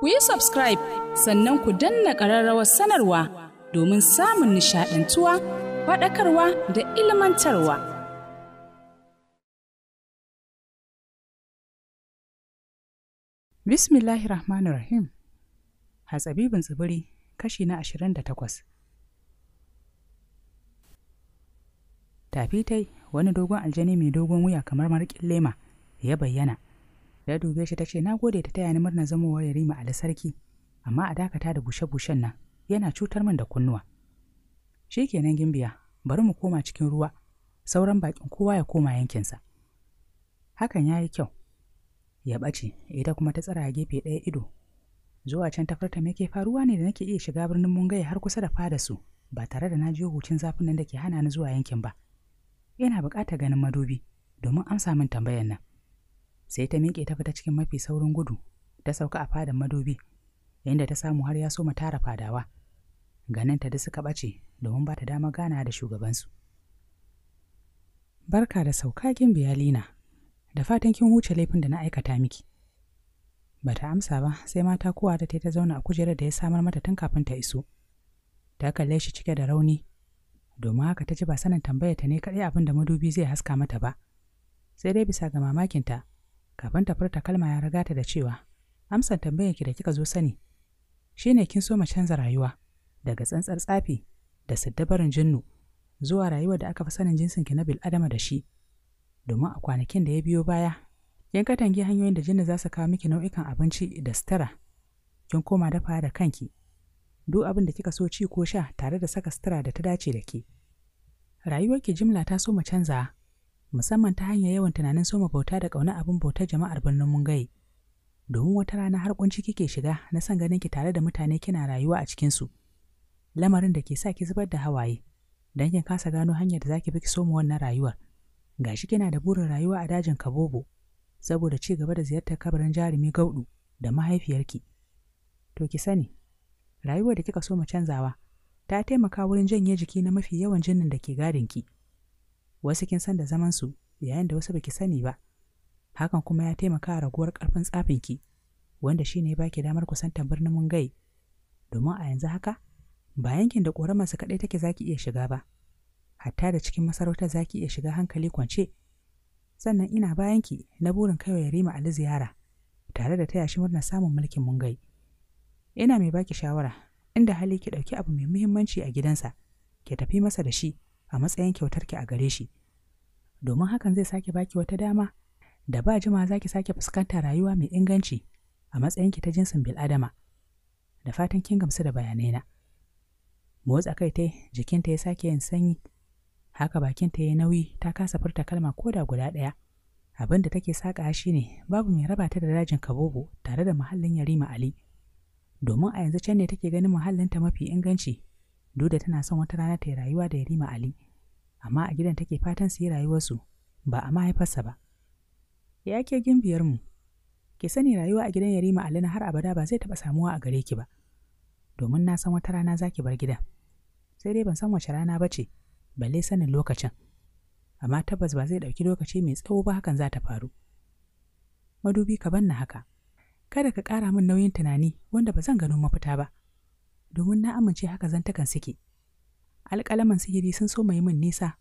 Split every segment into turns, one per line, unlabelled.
ku yi subscribe sannan ku danna ƙararrawar sanarwa domin samun nishaɗantuwa faɗakarwa da ilmantarwa. bismillahi Rahmanir Rahim Hatsabibin tsibiri kashi na ashirin da takwas. Tafitai wani dogon aljani mai dogon wuya kamar marikin lema ya bayyana. Ya dube shi ta ce na gode ta taya ni murnar zamowar yarima ali sarki amma a dakata da bushe-bushen nan yana cutar min da kunnuwa Shi kenan gimbiya bari mu koma cikin ruwa sauran bakin kowa ya koma yankinsa hakan ya yi kyau ya ɓace ita kuma ta tsara gefe ɗaya ido zuwa can ta farta me ke faruwa ne da nake iya shiga birnin mungaye har kusa da fada su ba tare da na ji hucin zafin nan da ke hana ni zuwa yankin ba ina buƙatar ganin madubi domin amsa min tambayar nan sai ta miƙe ta fita cikin mafi saurin gudu ta sauka a fadan madobi inda ta samu har ya so ma tara fadawa ta da suka ɓace domin ba ta dama gana da shugabansu barka da sauka kin biyalina da fatan kin huce laifin da na aikata miki ba ta amsa ba sai mata kowa ta ta zauna a kujerar da ya samar mata tun kafin ta iso ta kalle shi cike da rauni domin haka ta ji ba sanin tambaya ta ne kaɗai abin da madubi zai haska mata ba sai dai bisa ga mamakinta kafin ta furta kalma ya riga ta da cewa amsan tambayar ki da kika zo sani shine kin so mu canza rayuwa daga tsantsar tsafi da siddabarin jinnu zuwa rayuwar da aka fi sanin jinsin ki na bil adama da shi domin a kwanakin da ya biyo baya Kin katangi hanyoyin da jinnu za su kawo miki nau'ikan abinci da sutura kin koma dafa da kanki duk abin da kika so ci ko sha tare da saka sutura da ta dace da ke rayuwar ki jimla ta so mu canza musamman ta hanyar yawan tunanin soma bauta da ƙauna abin bautar jama'ar birnin Mungaye. Domin wata rana har kunci kike shiga na san ganin ki tare da mutane kina rayuwa a cikin su. Lamarin da ke sa ki zubar da hawaye, dan kin kasa gano hanyar da zaki bi ki soma wannan rayuwar. Gashi kina da burin rayuwa a dajin Kabobo saboda ci gaba da ziyartar kabarin jarumi Gaudu da mahaifiyarki. To ki sani, rayuwar da kika soma canzawa ta taimaka wurin janye jiki na mafi yawan jinin da ke gadin ki. wasu kin san da zaman su yayin da wasu baki sani ba hakan kuma ya taimaka raguwar karfin ki wanda shine baki damar kusantar birnin mungai domin a yanzu haka ba yankin da su kaɗai take zaki iya shiga ba hatta da cikin masarautar zaki iya shiga hankali kwance sannan ina bayan ki na burin kaiwa yarima ali ziyara tare da taya shi murnar samun mulkin mungai ina mai baki shawara inda hali ki ɗauki abu mai muhimmanci a gidansa ki tafi masa da shi a matsayin kyautarki a gare shi domin hakan zai sake baki wata dama da ba jima za ki sake fuskanta rayuwa mai inganci a matsayin ki ta jinsin bil'adama da fatan kin gamsu da bayanaina motsa kai ta jikinta ya sake yin sanyi haka bakinta ya nauyi ta kasa furta kalma ko da guda ɗaya abin da take saƙa shi ne babu mai rabata da dajin kabobo tare da muhallin yarima ali domin a yanzu can ne take ganin muhallinta mafi inganci Duda tana son wata rana ta yi rayuwa da Yarima Ali, amma a gidan take fatan su yi rayuwarsu ba a mahaifarsa ba. Ya ke gimbiyarmu, ki sani rayuwa a gidan Yarima Ali na har abada ba zai taɓa samuwa a gare ki ba, domin na san wata rana za ki bar gidan. Sai dai ban san wace rana ba ce, balle sanin lokacin. Amma tabbas ba zai ɗauki lokaci mai tsawo ba hakan za ta faru. Madubi ka banna haka, kada ka ƙara min nauyin tunani wanda ba zan gano mafita ba. domin na amince haka zantakan suke. Alƙalaman sihiri sun so mai min nisa,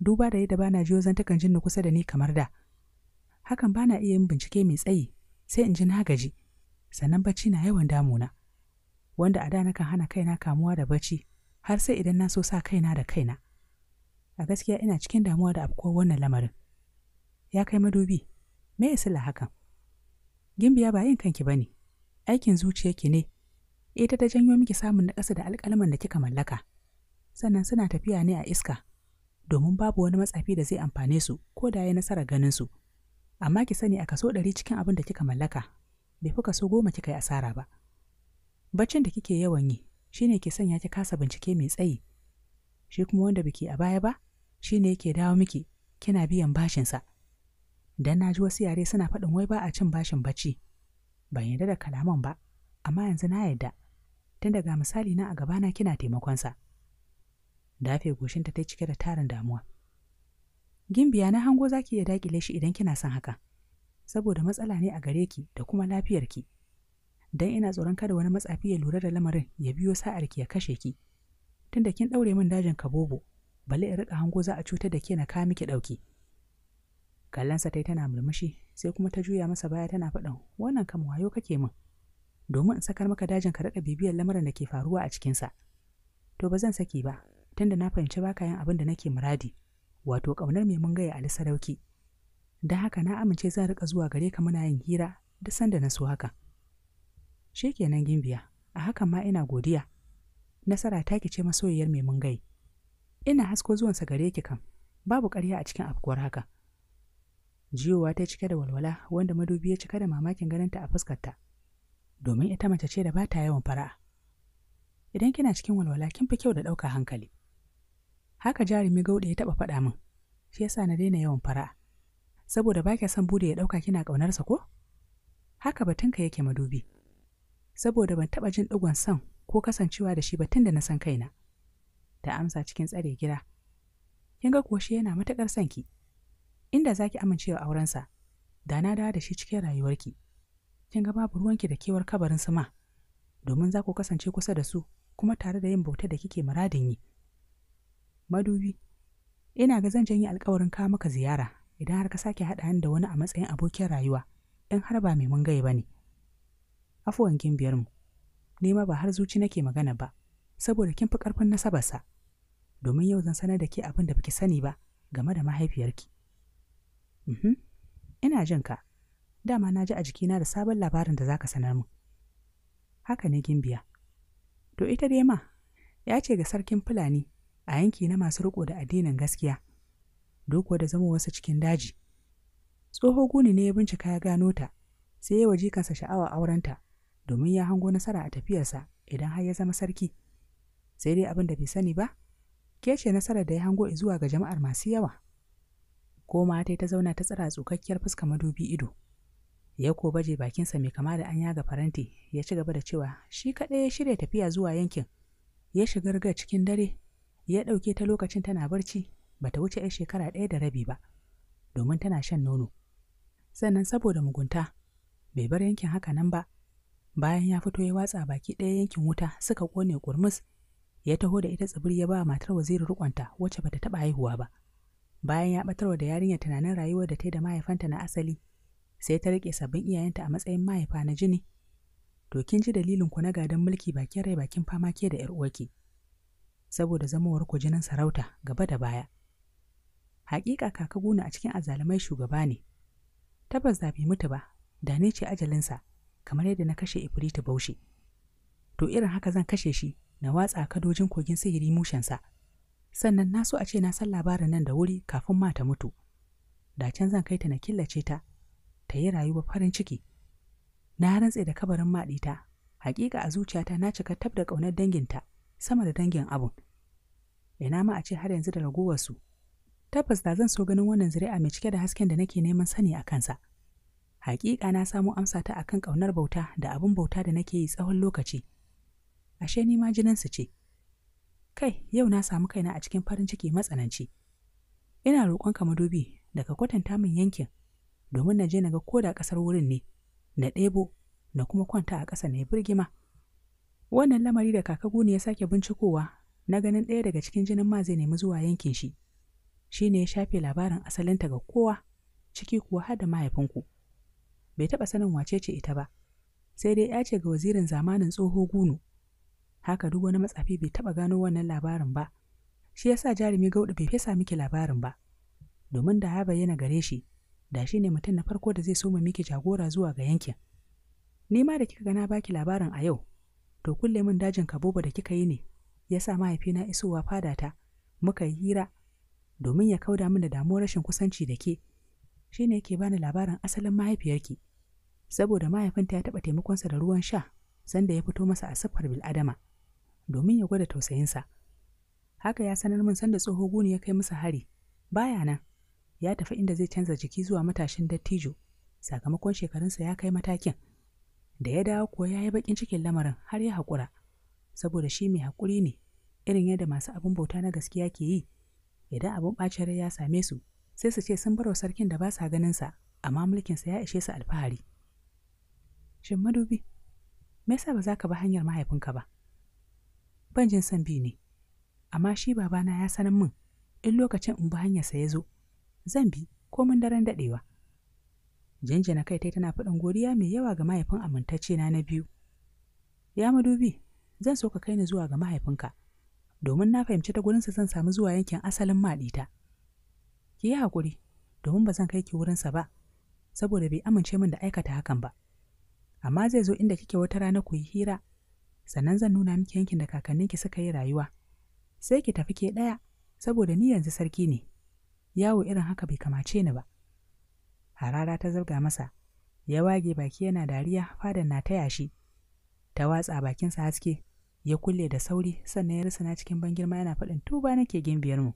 duba da yadda bana jiyo zantakan jin na kusa da ni kamar da. Hakan bana iya yin bincike mai tsayi, sai in ji na gaji, sannan bacci na yawan damuna. Wanda a da nakan hana kaina kamuwa da bacci, har sai idan na so sa kaina da kaina. A gaskiya ina cikin damuwa da afkuwar wannan lamarin. Ya kai madubi, me ya sila hakan? Gimbiya ba yin kanki ba ne, aikin zuciyarki ne, Eh, ita ta janyo miki samun na ƙasa da alƙalman da kika mallaka sannan suna tafiya ne a iska domin babu wani matsafi da zai amfane su ko da ya nasara ganin su amma ki sani a kaso ɗari cikin abin da kika mallaka bai fi kaso goma kika yi asara ba baccin da kike yawan yi shine ke sanya ki kasa bincike mai tsayi shi kuma wanda biki a baya ba shine yake dawo miki kina biyan bashinsa dan na ji wasu yare suna faɗin wai ba a cin bashin bacci ban yarda da kalaman ba amma yanzu na yarda tun daga misali na a gabana kina taimakonsa. Dafe goshinta ta cike da tarin damuwa. Gimbiya na hango zaki ki iya dakile shi idan kina son haka, saboda matsala ne a gare ki da kuma lafiyarki. Don ina tsoron kada wani matsafi ya lura da lamarin ya biyo sa'arki ya kashe ki. Tun da kin ɗaure min dajin kabobo, bale in rika hango za a cutar da ke na kawo miki ɗauki. kallansa tai tana murmushi, sai kuma ta juya masa baya tana faɗin, wannan kam wayo kake min. domin in sakar maka dajin ka rika bibiyar lamarin da ke faruwa a cikinsa. To ba zan saki ba, tunda na fahimci baka yin abin da nake muradi, wato ƙaunar mai mun gaya Ali Sarauki? Don haka na amince zan rika zuwa gare ka muna yin hira duk sanda na so haka. Shikenan Gimbiya, a hakan ma ina godiya. Nasara ta ce masoyiyar mai mun gai. Ina hasko zuwansa gare ki kam, babu karya a cikin afkuwar haka. Jiyowa ta cike da walwala wanda madubi ya cika da mamakin ganinta a fuskarta. domin ita mace ce da ba ta yawan fara'a. Idan kina cikin walwala kin fi kyau da ɗauka hankali. Haka jarumi gauɗe ya taɓa faɗa min, shi yasa na daina yawan fara'a. Saboda ba son bude ya ɗauka kina ƙaunarsa ko? Haka batunka yake madubi. Saboda ban taɓa jin ɗigon son ko kasancewa da shi ba tun da na san kaina. Ta amsa cikin tsare gida. Kin ga kuwa shi yana matuƙar son ki. Inda za ki amincewa aurensa, da na dawo da shi cikin rayuwarki. kin ga babu ruwanki da kewar kabarin su ma domin za ku kasance kusa da su kuma tare da yin bauta da kike muradin yi madubi ina ga zan janye alkawarin kawo maka ziyara idan har ka sake haɗa hannu da wani a matsayin abokin rayuwa in har ba mai mun gaye ba ne afuwan kin biyar mu nema ba har zuci nake magana ba saboda kin fi ƙarfin nasabarsa domin yau zan sanar da ke abin da baki sani ba game da mahaifiyarki. Mhm, ina jin ka. dama na ji a jikina da sabon labarin da zaka sanar mu haka ne gimbiya to ita dai ma ya ce ga sarkin fulani a yanki na masu riko da addinin gaskiya doko da zama wasu cikin daji tsoho guni ne ya bincika ya gano ta sai ya waji kansa sha'awa aurenta domin ya hango nasara a tafiyarsa idan har ya zama sarki sai dai abin da bai sani ba ke ce nasarar da ya hango zuwa ga jama'ar masu yawa ko ma ta zauna ta tsira tsukakkiyar fuska madubi ido ya ko baje bakinsa mai kama da anya ga faranti ya ci gaba da cewa shi kaɗai ya shirya tafiya zuwa yankin ya shiga rigar cikin dare ya ɗauke ta lokacin tana barci ba ta wuce 'yar shekara ɗaya da rabi ba domin tana shan nono sannan saboda mugunta bai bar yankin haka nan ba bayan ya fito ya watsa baki ɗaya yankin wuta suka ƙone ƙurmus ya taho da ita tsibiri ya ba matar wazirin rikonta wacce bata taɓa haihuwa ba bayan ya ɓatarwa da yarinyar tunanin rayuwar da ta da mahaifanta na asali sai ta riƙe sabbin iyayenta a matsayin mahaifa na jini to kin ji dalilin ku na gadon mulki bakin rai bakin fama ke da yar ke saboda zamowar ku jinin sarauta gaba da baya Hakika kaka guna a cikin azalumai shugaba ne tabbas da mutu ba da ne ce ajalinsa kamar yadda na kashe ifritu baushe. to irin haka zan kashe shi na watsa kadojin kogin sihiri mushensa sannan na so a ce na san labarin nan da wuri kafin ma ta mutu da can zan kai ta na killace ta ta yi rayuwa farin ciki na rantse da kabarin maɗita hakika a zuciyata na cika tab da ƙaunar danginta sama da dangin abun ina ma a ce har yanzu da ragowarsu tabbas da zan so ganin wannan zuri'a mai cike da hasken da nake neman sani a kansa hakika na samu amsa ta akan ƙaunar bauta da abin bauta da nake yi tsawon lokaci ashe ni ma jininsu ce kai yau na samu kaina a cikin farin ciki matsananci ina roƙonka madubi daga kwatanta min yankin domin na je naga ko da ƙasar wurin ne na ɗebo na kuma kwanta a ƙasa na birgima wannan lamari da kaka guni ya sake bincikowa na ganin ɗaya daga cikin jinin ma zai nemi zuwa yankin shi shi ne ya shafe labarin asalinta ga kowa ciki kuwa har da mahaifinku bai taɓa sanin wace ce ita ba sai dai ya ce ga wazirin zamanin tsoho gunu haka duk wani matsafi bai taɓa gano wannan labarin ba shi yasa jarumi Gauɗu bai fesa miki labarin ba domin da ya bayyana gare shi da shi ne mutum na farko da zai so mu miki jagora zuwa ga yankin ni ma da kika gana na baki labarin a yau to kulle min dajin kaboba da kika yi ne ya sa mahaifina isowa fada ta muka yi hira domin ya kauda min da damuwar rashin kusanci da ke shi ne yake bani labarin asalin mahaifiyarki saboda mahaifinta ya taɓa taimakonsa da ruwan sha sanda ya fito masa a siffar bil'adama domin ya gwada tausayinsa haka ya sanar min sanda tsoho guni ya kai masa hari baya nan ya tafi inda zai canza jiki zuwa matashin dattijo sakamakon shekarunsa ya kai matakin da ya dawo kuwa ya yi baƙin cikin lamarin har ya haƙura saboda shi mai haƙuri ne irin yadda masu abin bauta na gaskiya ke yi idan abin ɓacin rai ya same su sai su ce sun bar sarkin da ba sa ganin sa amma mulkinsa ya ishe su alfahari shin madubi me yasa ba za ka bi hanyar mahaifinka ba ban jin son bi ne amma shi babana ya sanin min in lokacin in bi hanyarsa ya zo zan bi komin daren daɗewa na kai tai tana faɗin godiya mai yawa ga mahaifin amintacce na na biyu ya madubi zan so ka kai ni zuwa ga mahaifinka domin na fahimci ta gurinsa zan samu zuwa yankin asalin maɗita ki yi haƙuri domin ba zan kai ki wurinsa ba saboda bai amince min da aikata hakan ba amma zai zo inda kike wata rana ku yi hira sannan zan nuna miki yankin da kakanninki suka yi rayuwa sai ki tafi ke ɗaya saboda ni yanzu sarki ne yawo irin haka bai kamace ni ba harara ta zurga masa ya wage baki yana dariya fadan na taya shi ta watsa bakinsa haske ya kulle da sauri sannan ya na cikin ban girma yana faɗin tuba nake biyar mu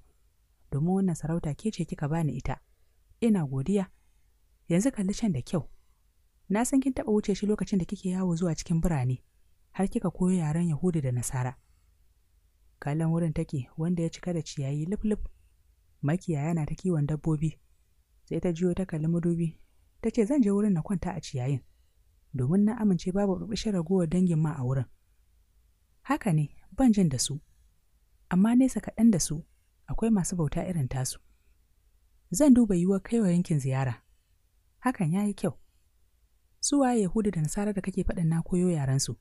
domin wannan sarauta ke ce kika bani ita ina godiya yanzu kalli can da kyau na san kin taɓa wuce shi lokacin da kike yawo zuwa cikin birane har kika koyo yaren yahudu da nasara kallon wurin take wanda ya cika da ciyayi lif makiyaya na ta kiwon dabbobi sai ta jiyo ta kalli madubi ta ce zan je wurin na kwanta a ciyayin domin na amince babu burbushin ragowar dangin ma a wurin haka ne ban jin da su amma nesa kaɗan da su akwai masu bauta irin tasu zan duba yiwuwar kaiwa yankin ziyara hakan ya yi kyau su waye yahudu da nasara da kake faɗin na koyo yarensu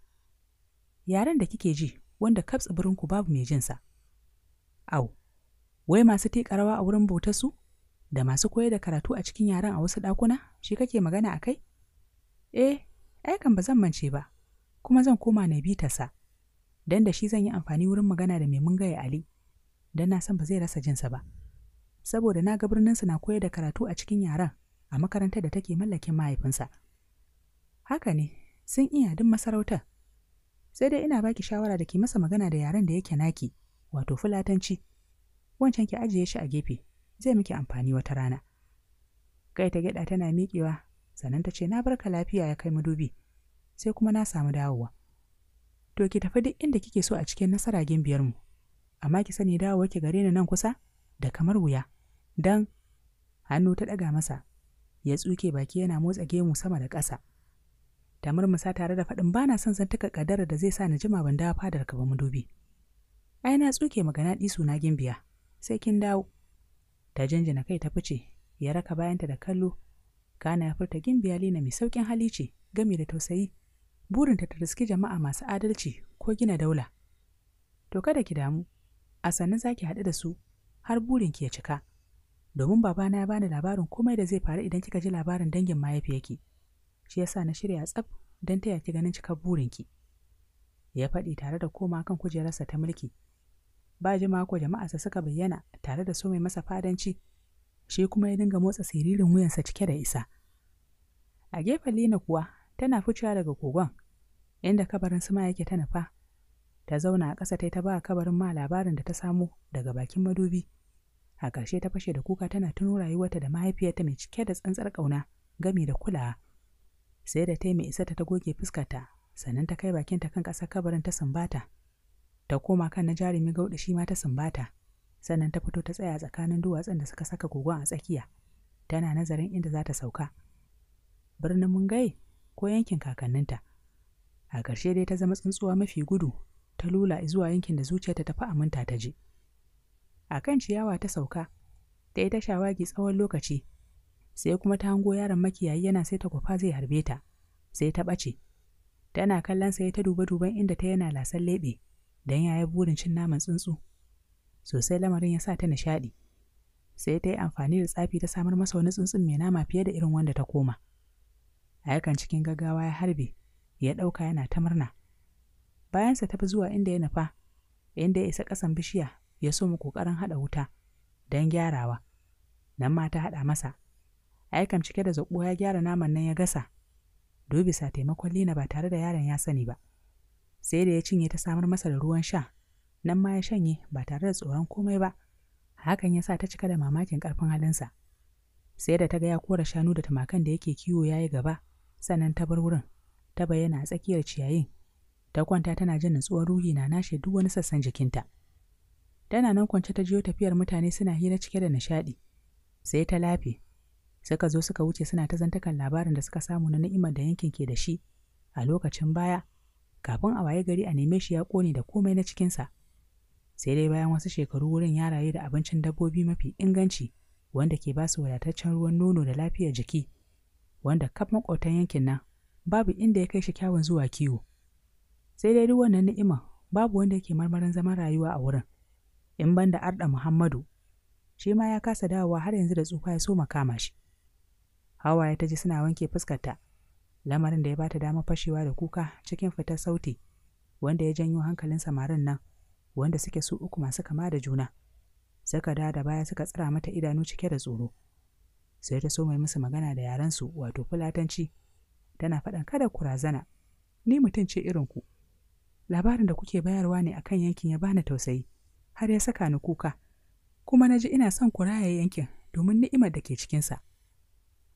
yaren da kike ji wanda kaf tsibirinku babu mai jinsa au wai masu teƙa rawa a wurin bautarsu da masu koyar da karatu a cikin yaren a wasu ɗakuna shi kake magana a kai eh ai kan ba zan mance ba kuma zan koma na bi sa dan da shi zan yi amfani wurin magana da mai mungaya ali don na san ba zai rasa jinsa ba saboda na ga birnin su na koyar da karatu a cikin yaren a makarantar da take mallakin mahaifinsa haka ne sun iya duk masarautar sai dai ina baki shawara da ke masa magana da yaren da yake naki wato fulatanci wancan ki ajiye shi a gefe zai miki amfani wata rana kai ta gida tana miƙewa sannan ta ce na barka lafiya ya kai madubi sai kuma na samu dawowa to ki tafi duk inda kike so a cikin nasara gimbiyar mu amma ki sani dawowa ki gare ni nan kusa da kamar wuya dan hannu ta daga masa ya tsuke baki yana motsa gemu sama da ƙasa ta murmusa tare da faɗin bana son san taka ƙadarar da zai sa ni jima ban dawo fadar ka ba madubi ai na tsuke magana ɗisu na gimbiya sai kin dawo ta janjina kai ta fice ya raka bayanta da kallo kana ya furta gimbiya lina mai saukin hali ce gami da tausayi burinta ta riski jama'a masu adalci ko gina daula to kada ki damu a sannan za ki haɗu da su har burin ki ya cika domin babana ya bani labarin komai da zai faru idan kika ji labarin dangin mahaifiyarki shi yasa na shirya tsaf don taya ki ganin cikar burinki ya faɗi tare da koma kan kujerarsa ta mulki ba jima ko jama'arsa suka bayyana tare da su mai masa fadanci shi kuma ya dinga motsa siririn wuyansa cike da isa a gefen lina kuwa tana ficewa daga kogon inda kabarin suma yake ta nufa ta zauna a ƙasa ta ta ba kabarin ma labarin da ta samu daga bakin madubi a ƙarshe ta fashe da kuka tana tuno rayuwarta da mahaifiyarta mai cike da tsantsar ƙauna gami da kulawa sai da ta mai isa ta goge fuskarta sannan ta kai bakinta kan ƙasar kabarin ta sambata ta koma kan na jarumi gauda shi ma ta sumbata sannan ta fito ta tsaya tsakanin duwatsun da suka saka gogon a tsakiya tana nazarin inda za ta sauka birnin mungai ko yankin kakanninta a ƙarshe dai ta zama tsuntsuwa mafi gudu ta lula zuwa yankin da zuciyarta ta fi aminta ta je a kan ciyawa ta sauka ta yi ta shawagi tsawon lokaci sai kuma ta hango yaron makiyayi yana sai ta kwafa zai harbe ta sai ta ɓace tana kallon sai ta duba duban inda ta yana lasan leɓe don yayi burin cin naman tsuntsu sosai lamarin ya sa ta nishaɗi sai ta yi amfani da tsafi ta samar masa wani tsuntsu mai nama fiye da irin wanda ta koma a yakan cikin gaggawa ya harbe ya ɗauka yana ta murna bayansa ta fi zuwa inda ya nufa inda ya isa ƙasan bishiya ya so mu ƙoƙarin haɗa wuta don gyarawa nan ma ta haɗa masa a yakan cike da zaƙo ya gyara naman nan ya gasa dubisa taimakon lina ba tare da yaron ya sani ba sai da ya cinye ta samar masa da ruwan sha nan ma ya shanye ba tare da tsoron komai ba hakan ya sa ta cika da mamakin ƙarfin halinsa sai da ta ga ya kora shanu da tumakan da yake kiwo ya yi gaba sannan ta bar wurin ta bayyana a tsakiyar ciyayin ta kwanta tana jin natsuwar ruhi na nashe duk wani sassan jikinta tana nan kwance ta jiyo tafiyar mutane suna hira cike da nishaɗi sai ta lafe suka zo suka wuce suna ta zantakan labarin da suka samu na ni'imar da yankin ke da shi a lokacin baya kafin a waye gari a neme shi ya kone da komai na cikinsa sai dai bayan wasu shekaru wurin ya rayu da abincin dabbobi mafi inganci wanda ke ba su wadataccen ruwan nono da lafiyar jiki wanda kaf makwautan yankin nan babu inda ya kai shi kyawun zuwa kiwo sai dai duk wannan ni'ima babu wanda yake marmarin zaman rayuwa a wurin in banda arda muhammadu shi ma ya kasa dawowa har yanzu da tsufa ya so makama shi hawaye ta ji suna wanke fuskarta lamarin da ya bata dama fashewa da kuka cikin fitar sauti wanda ya janyo hankalin samarin nan wanda suke su uku masu kama da juna suka da da baya suka tsira mata idanu cike da tsoro sai ta so mai musu magana da su wato fulatanci tana faɗan kada ku razana ni mutum ce irin ku labarin da kuke bayarwa ne akan yankin ya bani tausayi har ya saka ni kuka kuma na ji ina son ku raya yankin domin ni'imar da ke cikinsa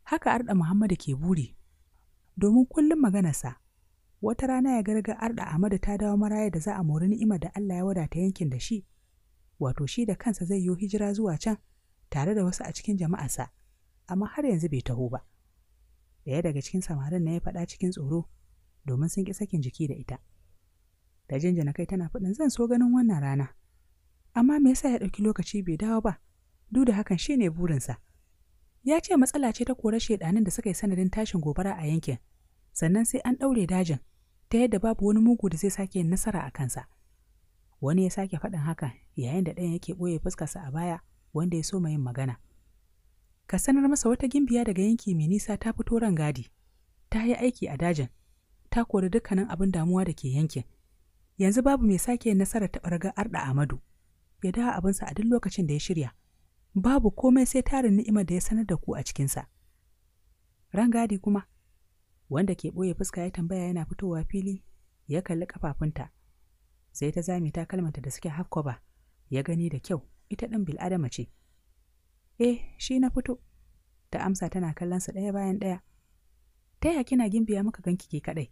haka arda muhammadu ke buri domin kullum maganarsa wata rana ya garga arda Ahmadu ta dawo maraya da za a mori ni'imar da Allah ya wadata yankin da shi wato shi da kansa zai yi hijira zuwa can tare da wasu a cikin jama'arsa amma har yanzu bai taho ba daya daga cikin samarin na ya faɗa cikin tsoro domin sun ƙi sakin jiki da ita da na kai tana faɗin zan so ganin wannan rana amma me yasa ya ɗauki lokaci bai dawo ba duk da hakan shi ne burinsa ya ce matsala ce ta kore shaidanin da suka yi sanadin tashin gobara a yankin sannan sai an ɗaure dajin ta yadda babu wani mugu da zai sake yin nasara a kansa wani ya sake faɗin haka yayin da ɗayan yake ɓoye fuskarsa a baya wanda ya so ma yin magana ka sanar masa wata gimbiya daga yanki mai nisa ta fito ran gadi ta yi aiki a dajin ta kori dukkanin abin damuwa da ke yankin yanzu babu mai sake yin nasarar taɓa arda amadu ya dawo abinsa a duk lokacin da ya shirya babu komai sai tarin ni'imar da ya sanar da ku a cikinsa. Rangadi kuma, wanda ke ɓoye fuska ya tambaya yana fitowa fili, ya kalli ƙafafunta, sai ta zame ta da suke ba, ya gani da kyau, ita ɗin bil'adama ce. Eh, shi na fito, ta amsa tana kallonsa ɗaya bayan ɗaya. Ta ya kina gimbiya maka ganki ke kaɗai?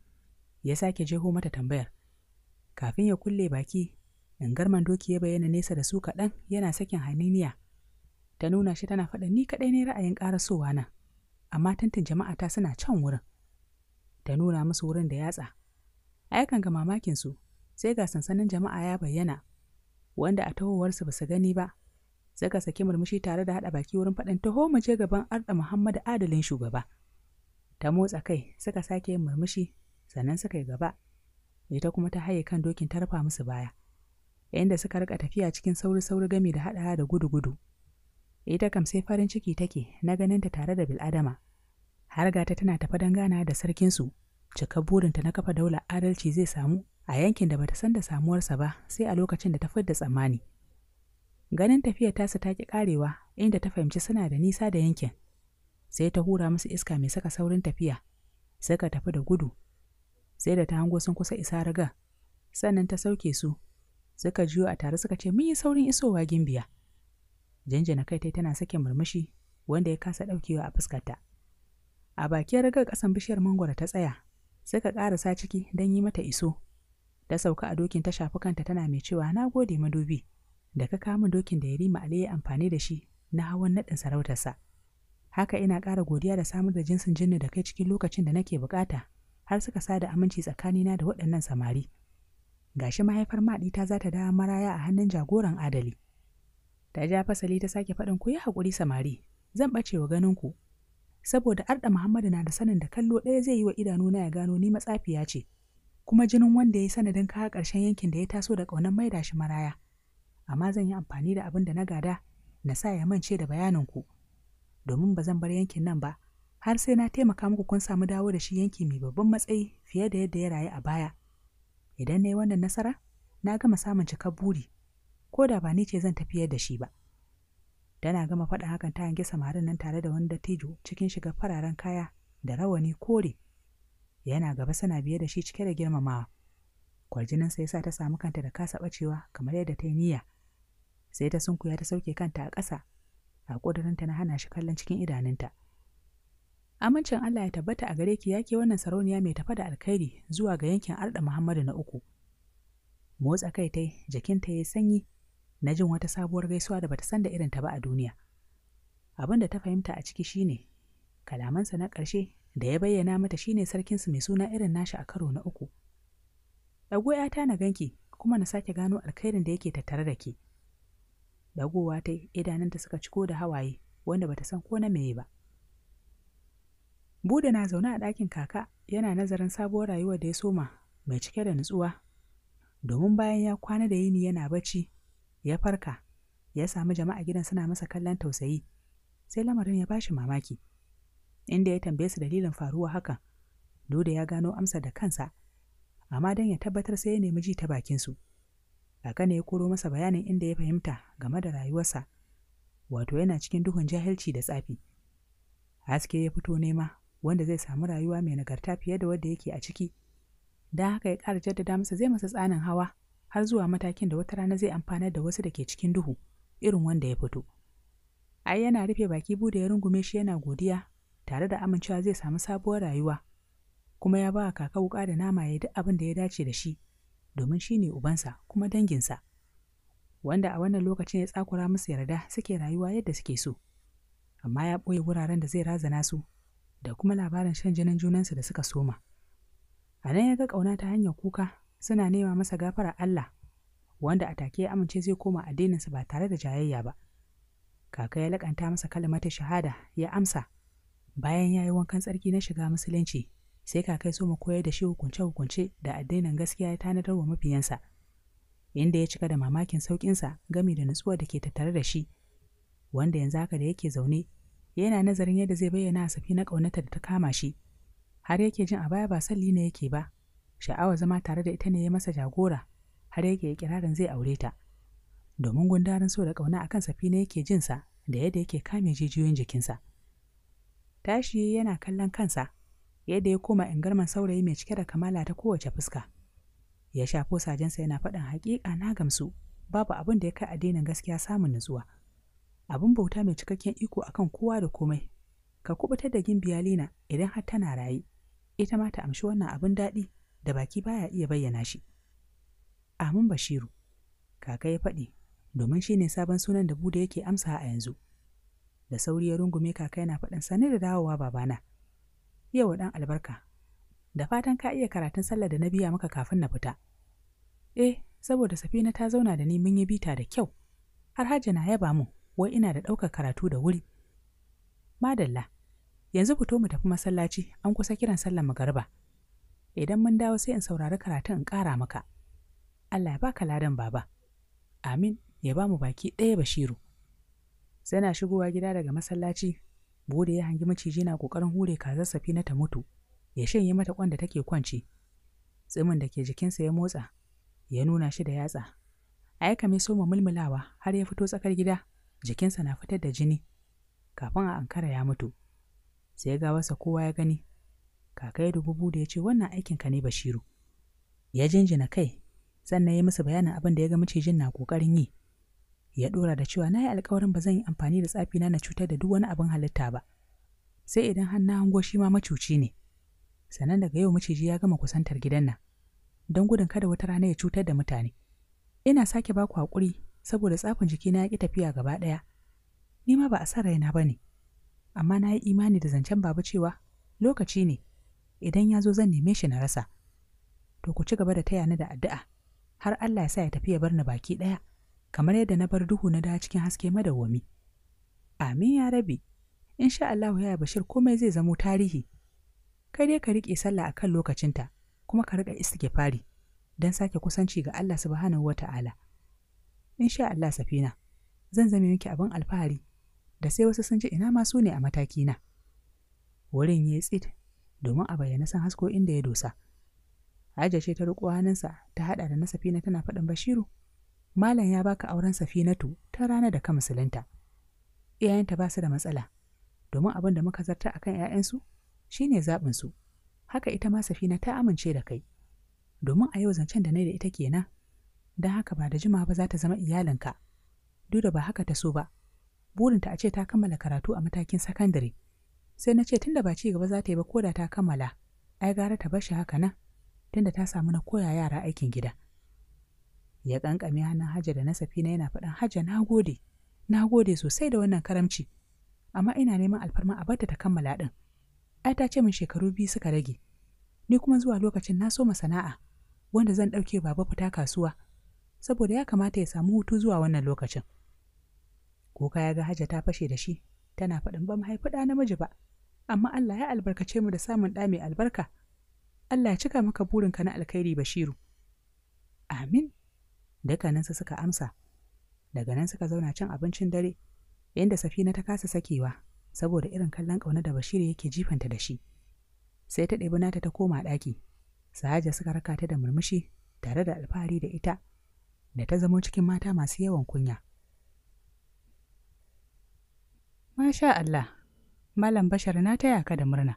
Ya sake jeho mata tambayar. Kafin ya kulle baki, in garman doki ya bayyana nesa da su kaɗan yana sakin haniniya ta nuna shi tana faɗa ni kaɗai ne ra'ayin ƙarasowa na amma tantan jama'a ta suna can wurin ta nuna musu wurin da yatsa ayyukan ga mamakin su sai ga sansanin jama'a ya bayyana wanda a tahowarsu ba su gani ba suka saki murmushi tare da haɗa baki wurin faɗin taho mu je gaban arda muhammadu adalin shugaba ta motsa kai suka sake yin murmushi sannan suka yi gaba ita kuma ta haye kan dokin ta musu baya yayin da suka rika tafiya cikin sauri-sauri gami da haɗa da gudu-gudu ita kam sai farin ciki take na ganinta tare da bil'adama har gata tana tafa don gana da sarkinsu cika burinta na kafa daular adalci zai samu a yankin da bata san da samuwarsa ba sai a lokacin da ta fidda tsammani ganin tafiya ta su ki karewa inda ta fahimci suna da nisa da yankin sai ta hura musu iska mai saka saurin tafiya suka tafi da gudu sai da ta hango sun kusa isa raga sannan ta sauke su suka jiyo a tare suka ce mun yi saurin isowa gimbiya jinjina kai tai tana sake murmushi wanda ya kasa ɗaukewa a fuskarta a bakin ragar ƙasan bishiyar mangwara ta tsaya sai suka ƙarasa ciki don yi mata iso ta sauka a dokin ta shafi kanta tana mai cewa na gode madubi da ka kamun dokin da ya rima ali ya amfani da shi na hawan naɗin sarautarsa haka ina ƙara godiya da samar da jinsin jinni da kai cikin lokacin da nake buƙata har suka sa da aminci tsakanina da waɗannan samari gashi mahaifar maɗi ta za ta dawo maraya a hannun jagoran adali Ta ja fasali ta sake faɗin ku yi haƙuri samari, zan ɓace wa ganin ku. Saboda arda Muhammadu na da sanin da kallo ɗaya zai yi wa idanu na ya gano ni matsafiya ce, kuma jinin wanda ya yi sanadin kawo ƙarshen yankin da ya taso da ƙaunar maida shi maraya. Amma zan yi amfani da abin da na gada na sa ya mance da bayanin ku. Domin ba zan bar yankin nan ba, har sai na taimaka muku kun samu dawo da shi yanki mai babban matsayi fiye da yadda ya rayu a baya. Idan na yi wannan nasara, na gama samun cikar buri. ko da ba ni ce zan tafiyar da shi ba tana gama faɗa hakan ta yanke samarin nan tare da wani dattijo cikin shiga fararen kaya da rawani kore yana gaba sana biye da shi cike da girmamawa Kwaljininsa ya sa ta samu kanta da kasa ɓacewa kamar yadda ta yi niyya sai ta sunkuya ta sauke kanta a ƙasa a ta na hana shi kallon cikin idanunta amincin Allah ya tabbata a gare ki ke wannan sarauniya mai tafa da alkhairi zuwa ga yankin arda Muhammadu na uku motsa kai yi, jikinta ya yi sanyi na jin wata sabuwar gaisuwa da bata san da irin ta ba a duniya abin da ta fahimta a ciki shine kalamansa na ƙarshe da ya bayyana mata shine sarkinsu mai suna irin nashi a karo na uku ɗago ta na ganki kuma na sake gano alkhairin da yake tattare da ke Dagowa ta idanunta suka ciko da hawaye wanda bata san ko na meye ba Bude na zaune a ɗakin kaka yana nazarin sabuwar rayuwar da ya soma mai cike da nutsuwa domin bayan ya kwana da yini yana bacci ya farka ya samu jama'a gidan suna masa kallon tausayi sai lamarin ya bashi mamaki inda ya tambaye su dalilin faruwa hakan Duda ya gano amsa da kansa amma don ya tabbatar sai ya nemi ji ta bakinsu Kaka ne ya koro masa bayanin inda ya fahimta game da rayuwarsa wato yana cikin duhun jahilci da tsafi haske ya fito nema wanda zai samu rayuwa mai nagarta fiye da wadda yake a ciki don haka ya ƙara jaddada masa zai masa tsanin hawa har zuwa matakin da wata rana zai amfanar da wasu da ke cikin duhu irin wanda ya fito ai yana rufe baki bude ya rungume shi yana godiya tare da amincewa zai samu sabuwar rayuwa kuma ya ba kaka wuka da nama ya duk abin da ya dace da shi domin shi ne ubansa kuma danginsa wanda a wannan lokacin ya tsakura musu yarda suke rayuwa yadda suke so amma ya ɓoye wuraren da zai razana su da kuma labarin shan jinin junansu da suka soma a nan ya ga ƙauna ta hanyar kuka suna nema masa gafara Allah wanda a take ya amince zai koma addininsa ba tare da jayayya ba kaka ya lakanta masa kalmata shahada ya amsa bayan ya yi wankan tsarki na shiga musulunci sai kaka ya so mu koyar da shi hukunce-hukunce da addinin gaskiya ya tanadar wa mafiyansa. inda ya cika da mamakin sauƙinsa gami da nutsuwa da ke tattare da shi wanda yanzu haka da yake zaune yana nazarin yadda zai bayyana a safi na ƙaunata da ta kama shi har yake jin a baya ba salli ne yake ba sha'awar zama tare da ita ne ya masa jagora har yake kirarin zai aure ta domin gundarin so da ƙauna akan safina yake jinsa da yadda yake kame jijiyoyin jikinsa tashi yana kallon kansa yadda ya koma ingarman saurayi mai cike da kamala ta kowace fuska ya shafo sajensa yana faɗin haƙiƙa na gamsu babu abin da ya kai addinin gaskiya samun nutsuwa abin bauta mai cikakken iko akan kowa da komai ka kubutar da gimbiya Lina idan har tana raye ita ma ta amshi wannan abin daɗi da baki baya iya bayyana shi amin bashiru kaka ya faɗi domin shi ne sabon sunan da bude yake amsa a yanzu da sauri ya rungume kaka yana faɗin sani da dawowa babana yau ɗan albarka da fatan ka iya karatun sallar da na biya maka kafin na fita eh saboda safina ta zauna da ni mun yi bita da kyau har hajji na yaba mu wai ina da ɗaukar karatu da wuri madalla yanzu fito mu tafi masallaci an kusa kiran sallar magariba idan mun dawo sai in saurari karatun in ƙara maka Allah ya baka ladan baba amin ya ba mu baki ɗaya bashiru sai na shigowa gida daga masallaci bude ya hangi maciji na ƙoƙarin hure kazar na ta mutu ya shanye mata kwan da take kwanci tsimin da ke jikinsa ya motsa ya nuna shi da yatsa a yaka mai soma mulmulawa har ya fito tsakar gida jikinsa na fitar da jini kafin a ankara ya mutu sai ga wasa kowa ya gani kaka ya dubu bude ya ce wannan aikin ka ne bashiru ya jinjina kai sannan ya masa bayanin abin da ya ga macijin na kokarin yi ya ɗora da cewa na yi alkawarin ba zan yi amfani da tsafina na cutar da duk wani abin halitta ba sai idan har na hango shi ma macuci ne sannan daga yau maciji ya gama kusantar gidan nan don gudun kada wata rana ya cutar da mutane ina sake ba ku haƙuri saboda tsafin jikina ya ƙi tafiya gaba ɗaya ni ma ba a san raina ba ne amma na yi imani da zancen baba cewa lokaci ne idan ya zo zan neme shi na rasa to ku ci gaba da taya ni da addu'a har Allah ya sa ya tafi ya bar ni baki ɗaya kamar yadda na bar duhu na da cikin haske madawwami amin ya rabi sha Allah ya bashir komai zai zamo tarihi kai dai ka riƙe sallah akan lokacinta kuma ka riƙa istighfari don sake kusanci ga Allah subhanahu wata'ala sha Allah safina zan zame miki abin alfahari da sai wasu sun ji ina ma su ne a matakina. Wurin ya tsit domin a bayyana san hasko inda ya dosa Hajiya ce ta riƙo hannunsa ta haɗa da na Safina tana faɗin Bashiru. Malam ya baka auren Safinatu ta rana da ka musulunta. Iyayenta ba su da matsala, domin abin da muka zarta a kan ‘ya'yansu shi ne zaɓinsu. Haka ita ma Safina ta amince da kai, domin a yau zancen da na da ita kenan, don haka ba da jima ba za ta zama iyalinka. Duk da ba haka ta so ba, burinta a ce ta kammala karatu a matakin sakandare, sai na ce tunda ba ci gaba za ta yi ba koda ta kammala ai gara ta bar shi haka nan tunda ta samu na koya yara aikin gida ya kankame hannun hajja da na safina yana faɗin hajja na gode na gode sosai da wannan karamci amma ina neman alfarma a barta ta kammala ɗin ai ta ce min shekaru biyu suka rage ni kuma zuwa lokacin na soma sana'a wanda zan ɗauke baba fita kasuwa saboda ya kamata ya samu hutu zuwa wannan lokacin kuka ya ga hajja ta fashe da shi tana faɗin ba mahaifi ɗa namiji ba amma Allah ya albarkace mu da samun ɗa mai albarka. Allah ya cika maka burinka na alkhairi Bashiru. Amin. Dukkaninsu suka amsa. Daga nan suka zauna cin abincin dare, yadda Safina ta kasa sakewa, saboda irin kallon ƙauna da Bashiru yake jifanta da shi. Sai ta ɗebi nata ta koma ɗaki. Sahaja suka raka ta da murmushi tare da alfahari da ita, da ta zamo cikin mata masu yawan kunya. Masha Allah, Malam Bashar na taya ka da murna.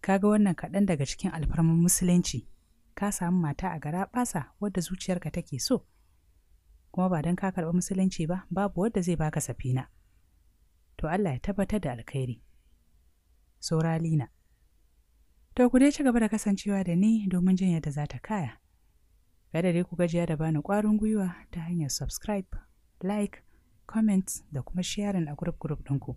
Kaga wannan kaɗan daga cikin alfarman musulunci, ka samu mata a gara ɓasa wadda zuciyarka take so. Kuma ba don ka karɓi musulunci ba, babu wadda zai baka safina. To Allah ya tabbatar da alkhairi. Lina. To ku dai ci gaba da kasancewa da ni domin jin yadda za ta kaya. Kada dai ku gajiya da bani ƙwarin gwiwa ta hanyar subscribe, like, comment da kuma sharing a group group ɗinku.